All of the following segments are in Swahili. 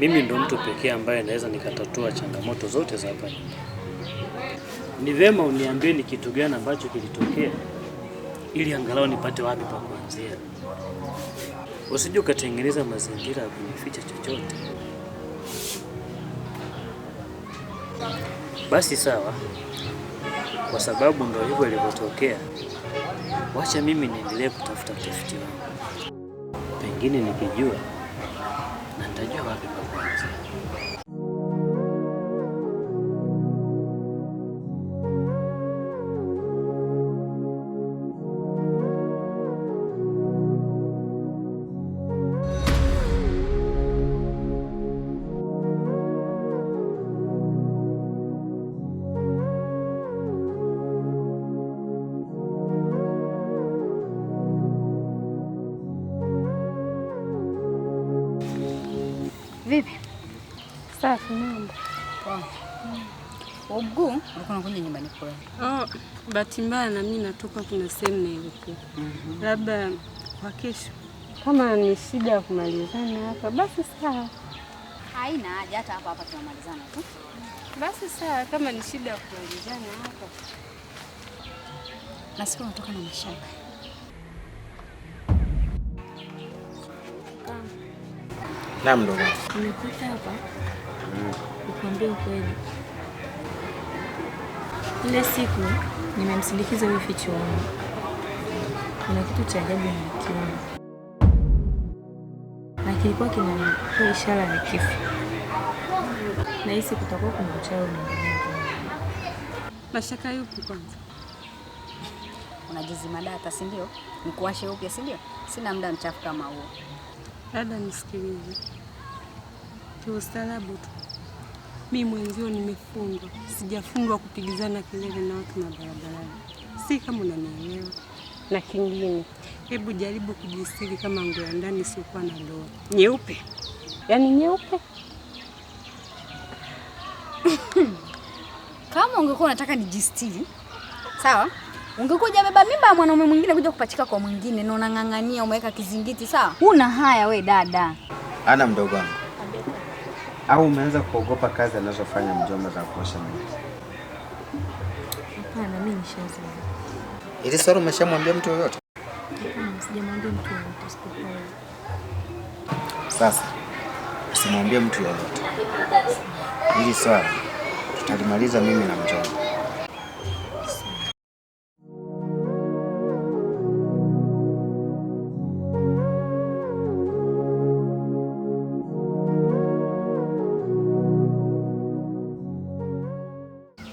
mimi ndo mtu pekee ambaye naweza nikatatua changamoto zote za hapa. Ni vema uniambie ni kitu gani ambacho kilitokea, ili angalau nipate wapi pa kuanzia. Usije ukatengeneza mazingira ya kunificha chochote. Basi sawa, kwa sababu ndo hivyo ilivyotokea, wacha mimi niendelee kutafuta utafiti wangu, pengine nikijua na nitajua wapi ulikuwa unakuja nyumbani kwenu? Oh, bahati mbaya na mimi natoka, kuna sehemu naelekea. mm -hmm. Labda kwa kesho, kama ni shida ya kumalizana hapa basi sawa. Haina haja, hata hapa hapa tunamalizana tu. Basi sawa, kama ni shida ya kumalizana hapa. Nasikia unatoka na mashaka. Naam, ndugu. Nimekuja hapa. Mm. Nikwambie ukweli. Ile siku nimemsindikiza huyu wangu, kuna kitu cha ajabu nilikiona na kilikuwa kinanitoa ishara ya kifo. Nahisi kutakuwa kuna uchawi unaendelea. Mashaka yupi kwanza? Unajizima data, si ndio? Nikuwashe upya, si ndio? Sina muda mchafu kama huo. Labda nisikilize kiustaarabu tu mi mwenzio nimefungwa, sijafungwa kupigizana kelele na watu na barabarani, si kama unanielewa. Na kingine, hebu jaribu kujistiri kama nguo ya ndani isiokuwa na doa, nyeupe, yaani nyeupe kama ungekuwa unataka nijistiri sawa, ungekuja beba mimba ya mwanaume mwingine kuja kupachika kwa mwingine, na unang'ang'ania umeweka kizingiti. Sawa, huna haya we dada. Ana mdogo wangu au umeanza kuogopa kazi anazofanya mjomba za kuosha mimi? Hapana, mimi nishazoea. Ili swali umeshamwambia mtu yoyote? Hapana, sijamwambia mtu yoyote isipokuwa. Sasa usimwambie mtu yoyote. Ili swali tutalimaliza mimi na mjomba.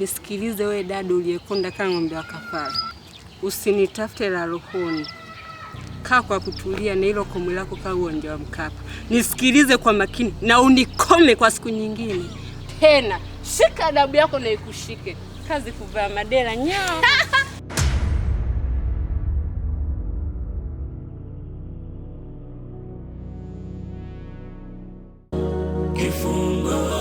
nisikilize wewe dada uliyekonda kaa ng'ombe wa kafara, usinitafute la rohoni. Kaa kwa kutulia na hilo komo lako, kaa uwanja wa Mkapa, nisikilize kwa makini na unikome kwa siku nyingine tena. Shika adabu yako na ikushike, kazi kuvaa madera nyao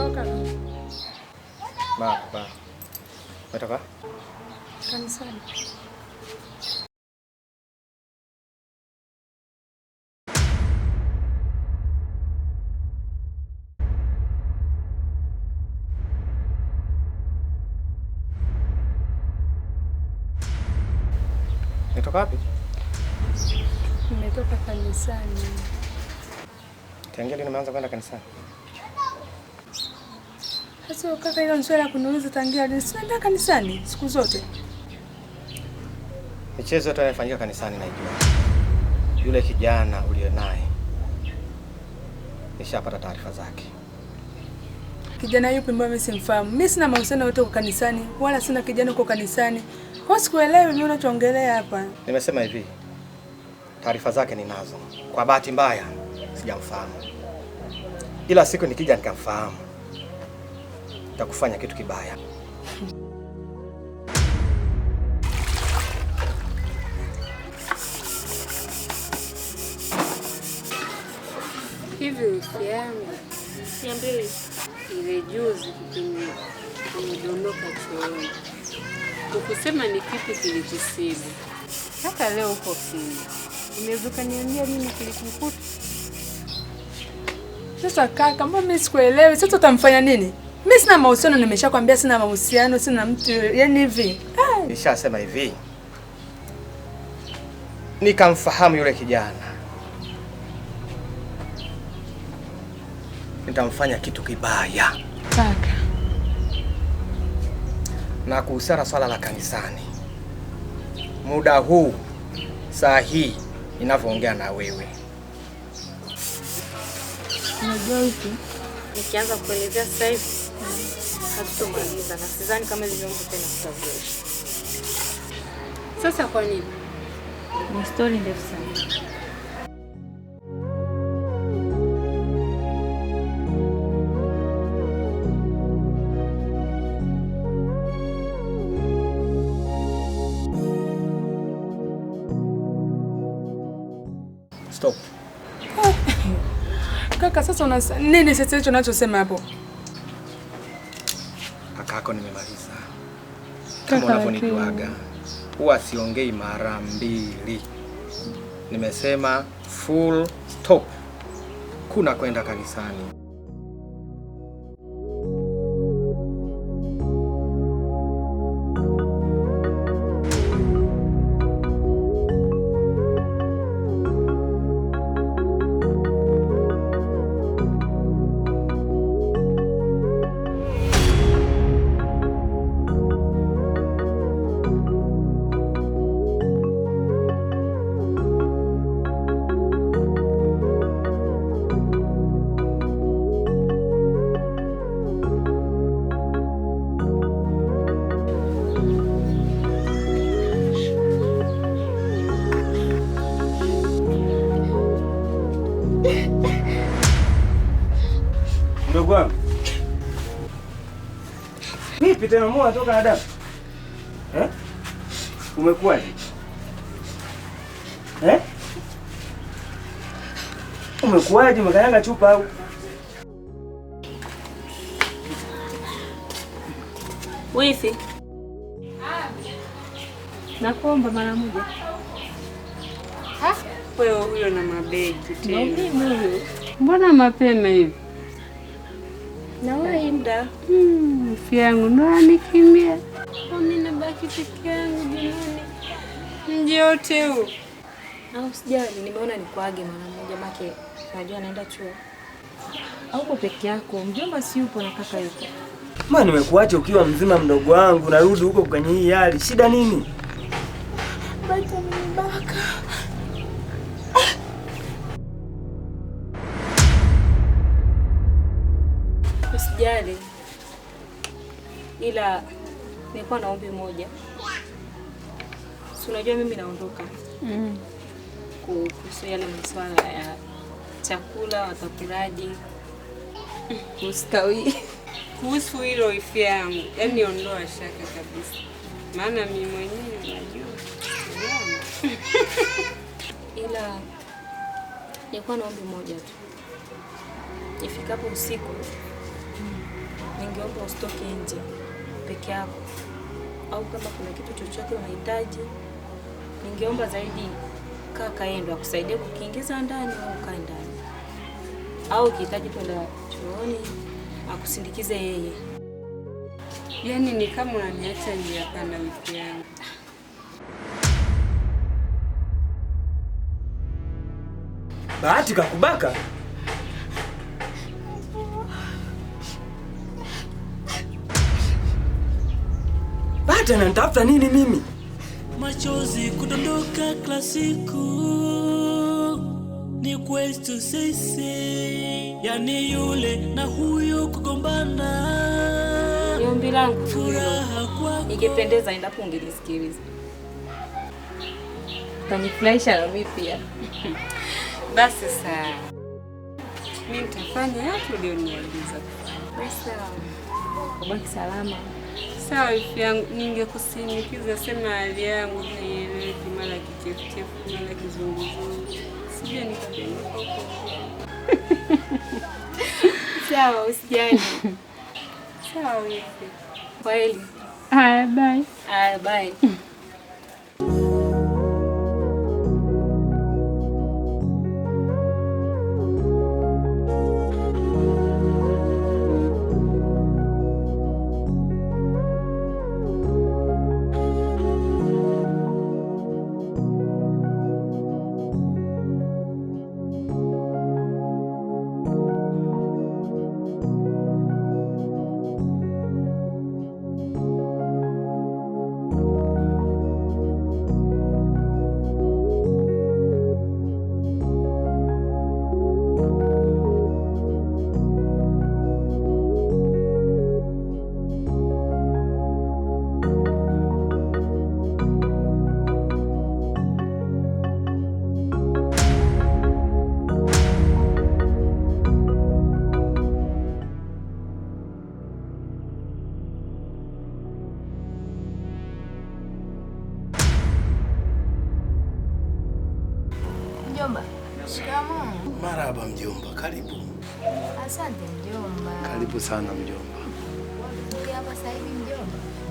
Kutoka baba umetoka kanisani? Umetoka wapi? Nimetoka kanisani. Tangia lini umeanza kwenda kanisani? Sasa kaka, hilo ni swala kuniuliza tangia lini? Sinaenda kanisani siku zote. Michezo yote inayofanyika kanisani naijua. Yule kijana naye nishapata taarifa zake. Kijana yupi Mbona mimi simfahamu? Mimi sina mahusiano yote kwa kanisani, wala sina kijana kwa kanisani. Kwa sikuelewi mimi unachoongelea hapa. Nimesema hivi, taarifa zake ninazo. Kwa bahati mbaya sijamfahamu, ila siku nikija nikamfahamu na kitu kibaya. Hivi wiki yangu ya mbili ile juzi imedondoka chooni, ukusema ni kitu kilichosibu. Hata leo uko kimya, unaweza ukaniambia nini kilichokuta? Sasa kaka, mbona mimi sikuelewi? Sasa utamfanya nini? mi sina mahusiano, nimeshakwambia sina mahusiano, sina mtu yani hivi. Nishasema hivi, nikamfahamu yule kijana, nitamfanya kitu kibaya Taka. Na kuhusiana swala la kanisani, muda huu saa hii inavyoongea na wewe, nikianza kuelezea sasa hivi hatutomaliza na sidhani kama hivi vyombo tena tutaviosha. Sasa kwa nini? Ni stori ndefu sana. Stop. Kaka, sasa una nini sasa hicho nachosema hapo? yako nimemaliza. Kama unavyonijuaga huwa siongei mara mbili, nimesema full stop. Kuna kwenda kanisani Mdogo wangu. Vipi tena mwa toka na damu? Eh? Umekuwaje? Eh? Umekuwaje umekanyanga chupa au? Wifi. Nakuomba mara moja. Wewe huyo na mabegi tena. Mbona mapema hivi? Nawahi muda hmm, yangu nani kimya, ninabaki oh, peke yangu jamani, mji yote huu au ah, sija. Nimeona nikuage mara moja, make najua naenda chuo. Auko peke yako? Mjomba si yupo na kaka yupo. Ma, nimekuacha ukiwa mzima mdogo wangu, narudi huko kwenye hii hali, shida nini? Bata nimebaka usijali, ila nilikuwa na ombi moja. Si unajua mimi naondoka mm. kuhusu yale masuala ya chakula, watakulaji, ustawi kuhusu hilo ifya yangu, yaani niondoa shaka kabisa, maana mimi mwenyewe najua ila nilikuwa na ombi moja tu, ifikapo usiku ningeomba usitoke nje peke yako, au kama kuna kitu chochote unahitaji, ningeomba zaidi kaka yeye akusaidia kukiingiza ndani au ka ndani, au ukihitaji kwenda chooni akusindikize yeye. Yani ni kama unaniacha njia panda wiki yangu. Bahati kakubaka. tena nitafuta nini mimi? Machozi kudondoka kila siku, ni kwetu sisi, yani yule na huyo kugombana. Ombi langu furaha kwako, ingependeza endapo ungenisikiliza, utanifurahisha na mimi pia. Basi sasa mimi nitafanya yatu ulioniagiza. Basi sawa, ubaki salama. Sawa, ifi yangu, ningekusindikiza sema hali yangu haieleweki, mara kichefuchefu, mara kizunguzungu, sije Sawa, usijali. Sawa ifi, Haya, bye. Haya, bye.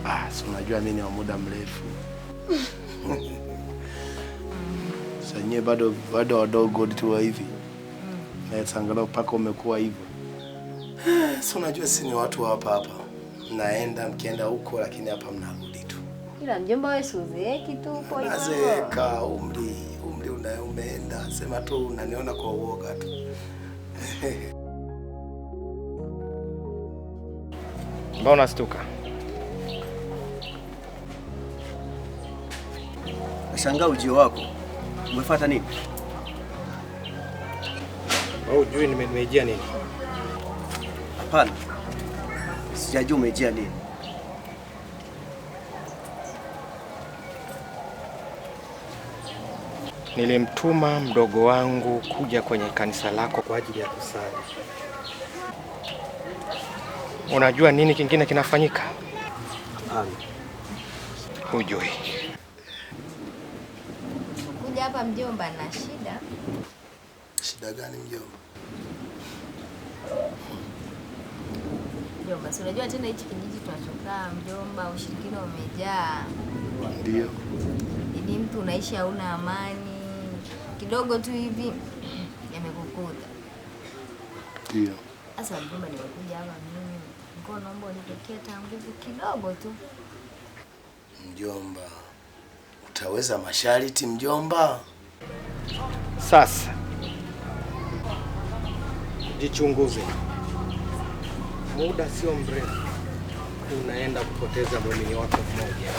basi, unajua mimi ni wa muda mrefu sanye bado bado wadogo tu hivi nasangalau mpaka umekuwa hivyo. Si unajua si ni watu hapa hapa, mnaenda mkienda huko, lakini hapa mnarudi tu. Ila mjomba, wewe uzeeki tu, uko hivyo. Nazeeka, umri umri una umeenda, sema tu unaniona kwa uoga tu mbona unastuka? Shangaa ujio wako. Umefuata nini? Au hujui nimejia nini? Hapana, sijajua umejia nini. Nilimtuma mdogo wangu kuja kwenye kanisa lako kwa ajili ya kusali. Unajua nini kingine kinafanyika? Hujui kwamba mjomba ana shida. Shida gani mjomba? Mjomba, si unajua tena hichi kijiji tunachokaa mjomba, ushirikina umejaa. Ndio. Ni mtu unaishi hauna amani, kidogo tu hivi yamekukuta. Ndio. Sasa mjomba, nimekuja hapa mimi niko, naomba unipekee hata kidogo tu mjomba. Utaweza masharti mjomba? Sasa jichunguze, muda sio mrefu unaenda kupoteza mwamini wako mmoja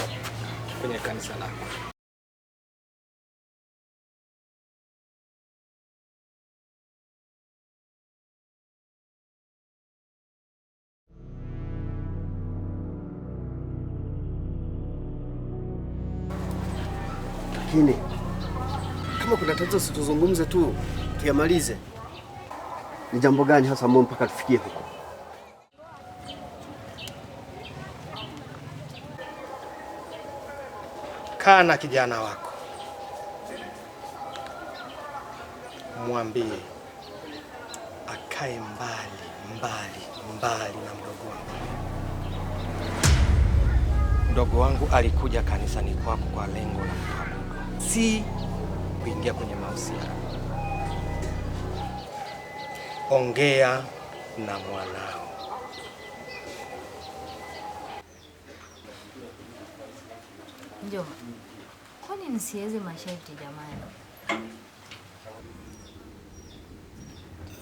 kwenye kanisa lako. Lakini matatizo situzungumze tu tuyamalize. Ni jambo gani hasa ambao mpaka tufikie huko? Kaa na kijana wako, mwambie akae mbali mbali mbali na mdogo wangu. Mdogo wangu alikuja kanisani kwako kwa lengo la kuabudu, si kuingia kwenye mahusiano. Ongea na mwanao. Njoo. Kwani nisiweze masharti jamani?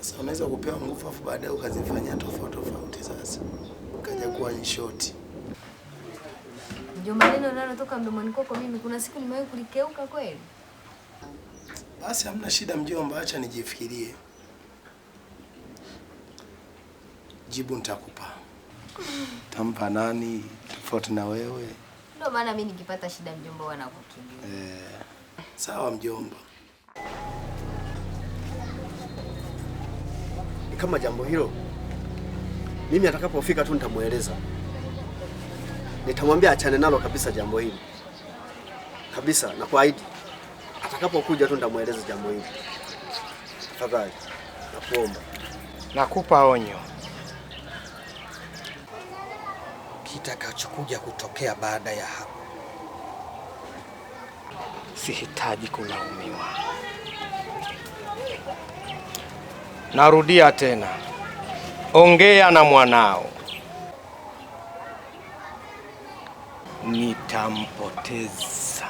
Sasa unaweza kupewa nguvu afu baadaye ukazifanya tofauti tofauti, sasa ukaja kuwa ni shoti. Ndio maneno yanayotoka mdomoni kwako. Mimi kuna siku nimewahi kulikeuka kweli? Basi hamna shida mjomba, acha nijifikirie, jibu nitakupa. Tampa nani tofauti na wewe? Ndio maana mimi nikipata shida mjomba wanakukimbia. Eh, sawa mjomba. Kama jambo hilo mimi atakapofika tu nitamweleza, nitamwambia achane nalo kabisa, jambo hili kabisa, nakuahidi atakapokuja tu nitamweleza jambo hili. Tafadhali nakuomba, nakupa onyo, kitakachokuja kutokea baada ya hapo sihitaji kulaumiwa. Narudia tena, ongea na mwanao, nitampoteza.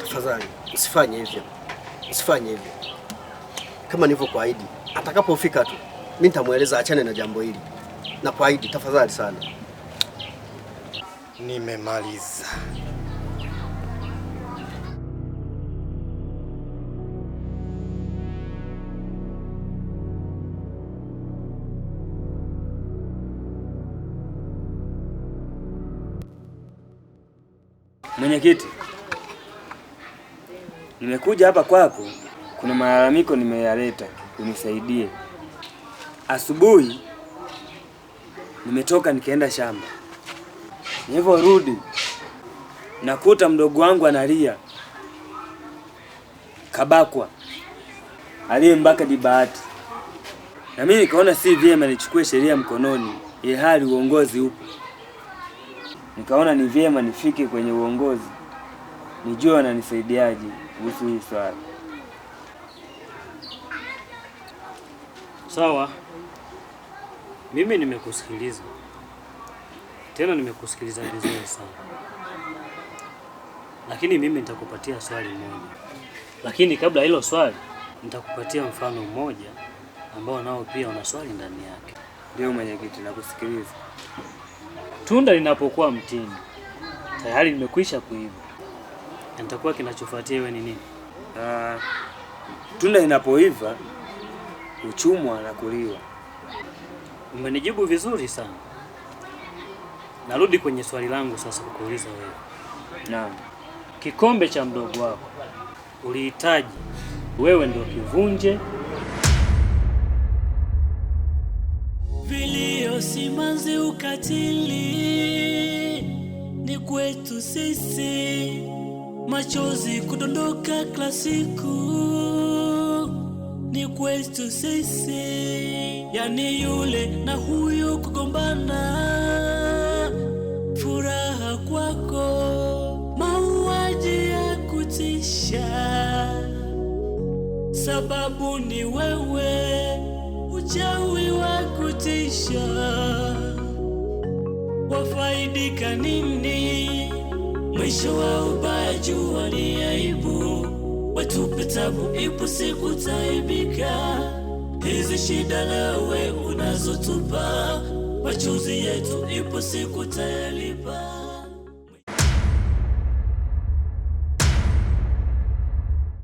Tafadhali usifanye hivyo, usifanye hivyo. Kama nilivyokuahidi, atakapofika tu mimi nitamweleza achane na jambo hili, nakuahidi. Tafadhali sana, nimemaliza. Mwenyekiti, nimekuja hapa kwako, kuna malalamiko nimeyaleta, unisaidie. Asubuhi nimetoka nikaenda shamba, nilivyorudi nakuta mdogo wangu analia, kabakwa, aliye mbaka dibahati na mimi nikaona si vyema nichukue sheria mkononi, ilhali uongozi upo nikaona ni vyema nifike kwenye uongozi, nijue wananisaidiaje kuhusu hii swala. Sawa, mimi nimekusikiliza, tena nimekusikiliza vizuri sana, lakini mimi nitakupatia swali moja, lakini kabla hilo swali nitakupatia mfano mmoja ambao nao pia una swali ndani yake. Ndio mwenyekiti, nakusikiliza. Tunda linapokuwa mtini tayari limekwisha kuiva, nitakuwa kinachofuatia iwe ni nini? Uh, tunda linapoiva uchumwa na kuliwa. Umenijibu vizuri sana. Narudi kwenye swali langu sasa kukuuliza wewe. Naam. Kikombe cha mdogo wako ulihitaji wewe ndio kivunje ubaguzi, ukatili ni kwetu sisi, machozi kudondoka kila siku ni kwetu sisi, yani yule na huyu kugombana, furaha kwako, mauaji ya kutisha, sababu ni wewe, uchawi wa kutisha imeharibika nini? Mwisho wa ubaya jua ni aibu, watupe tabu, ipo siku taibika. Hizi shida lewe unazotupa machozi yetu, ipo siku tayali